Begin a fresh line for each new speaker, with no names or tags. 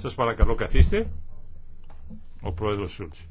Σας παρακαλώ καθίστε. Ο πρόεδρος Σούλτς.